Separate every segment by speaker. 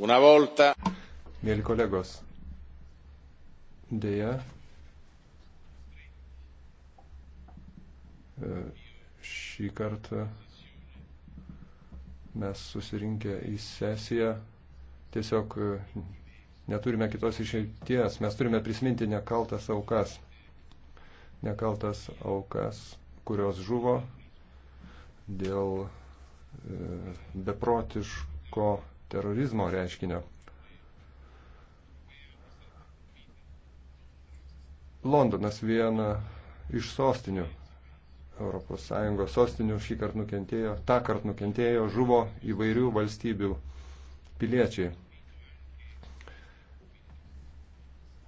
Speaker 1: Una volta. Mėly kolegos, dėja. E, šį kartą mes susirinkę į sesiją tiesiog e, neturime kitos išeities, mes turime prisiminti nekaltas aukas, nekaltas aukas, kurios žuvo dėl e, beprotiško terorizmo reiškinio. Londonas viena iš sostinių ES sostinių šį kartą nukentėjo, tą kartą nukentėjo, žuvo įvairių valstybių piliečiai.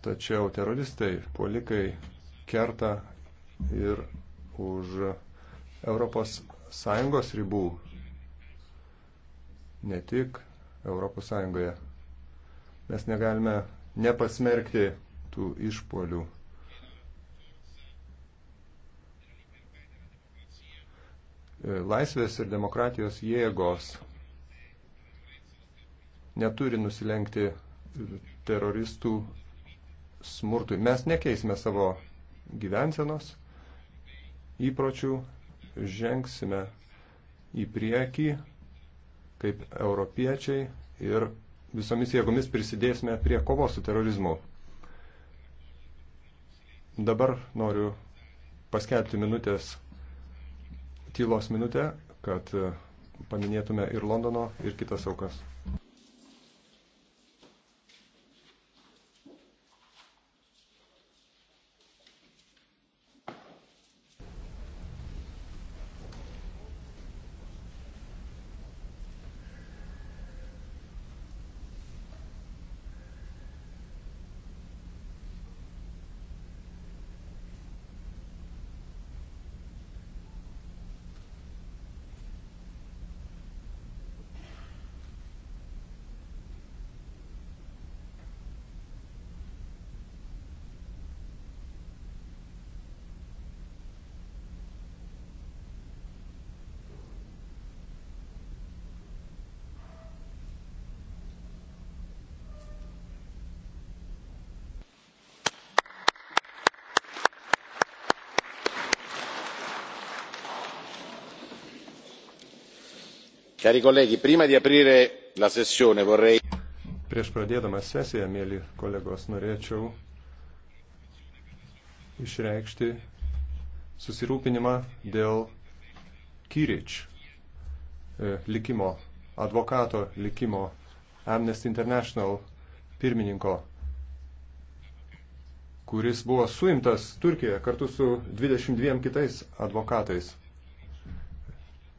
Speaker 1: Tačiau teroristai, polikai kerta ir už ES ribų ne tik Europos Sąjungoje. Mes negalime nepasmerkti tų išpolių. Laisvės ir demokratijos jėgos neturi nusilenkti teroristų smurtui. Mes nekeisime savo gyvensenos, įpročių, žengsime į priekį kaip europiečiai ir visomis jėgomis prisidėsime prie kovos su terorizmu. Dabar noriu paskelbti minutės, tylos minutę, kad paminėtume ir Londono, ir kitas aukas. Cari colleghi, prima di aprire la sessione vorrei. Prieš pradėdamas sesiją, mėly kolegos, norėčiau išreikšti susirūpinimą dėl Kyrič e, likimo, advokato likimo Amnesty International pirmininko, kuris buvo suimtas Turkijoje kartu su 22 kitais advokatais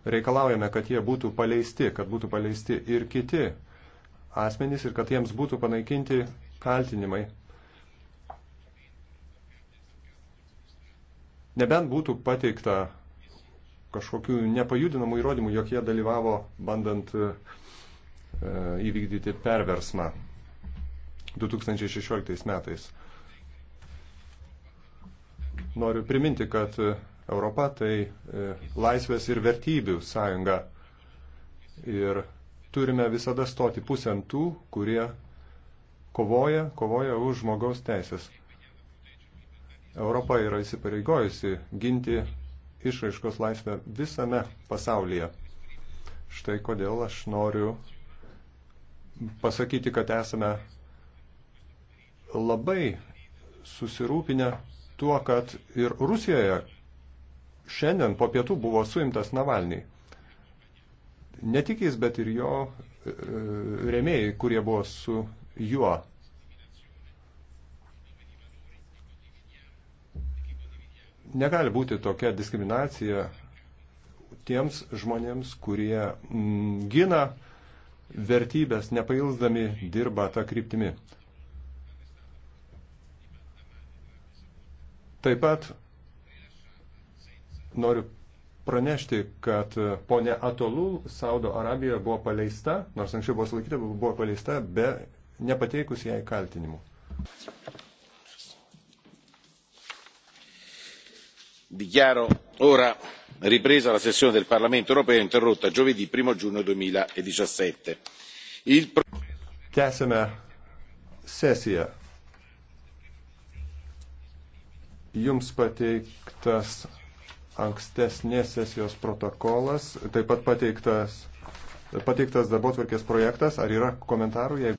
Speaker 1: reikalaujame, kad jie būtų paleisti, kad būtų paleisti ir kiti asmenys ir kad jiems būtų panaikinti kaltinimai. Nebent būtų pateikta kažkokių nepajudinamų įrodymų, jog jie dalyvavo bandant e, įvykdyti perversmą 2016 metais. Noriu priminti, kad Europa tai e, laisvės ir vertybių sąjunga. Ir turime visada stoti pusėn tų, kurie kovoja, kovoja už žmogaus teisės. Europa yra įsipareigojusi ginti išraiškos laisvę visame pasaulyje. Štai kodėl aš noriu pasakyti, kad esame labai susirūpinę tuo, kad ir Rusijoje šiandien po pietų buvo suimtas Navalny. Ne tik jis, bet ir jo e, remėjai, kurie buvo su juo. Negali būti tokia diskriminacija tiems žmonėms, kurie m, mm, gina vertybės, nepailsdami dirba tą kryptimį. Taip pat Noriu pranešti, kad ponė Atolul Saudo Arabijoje buvo paleista, nors anksčiau buvo sulaikyta, buvo paleista be nepateikus jai kaltinimų. Dichiaro ora ripresa la sessione del Parlamento europeo interrotta giovedì 1 giugno 2017. Il... Tęsime sesiją. Jums pateiktas ankstesnės sesijos protokolas, taip pat pateiktas, pateiktas darbo tvarkės projektas. Ar yra komentarų? Jeigu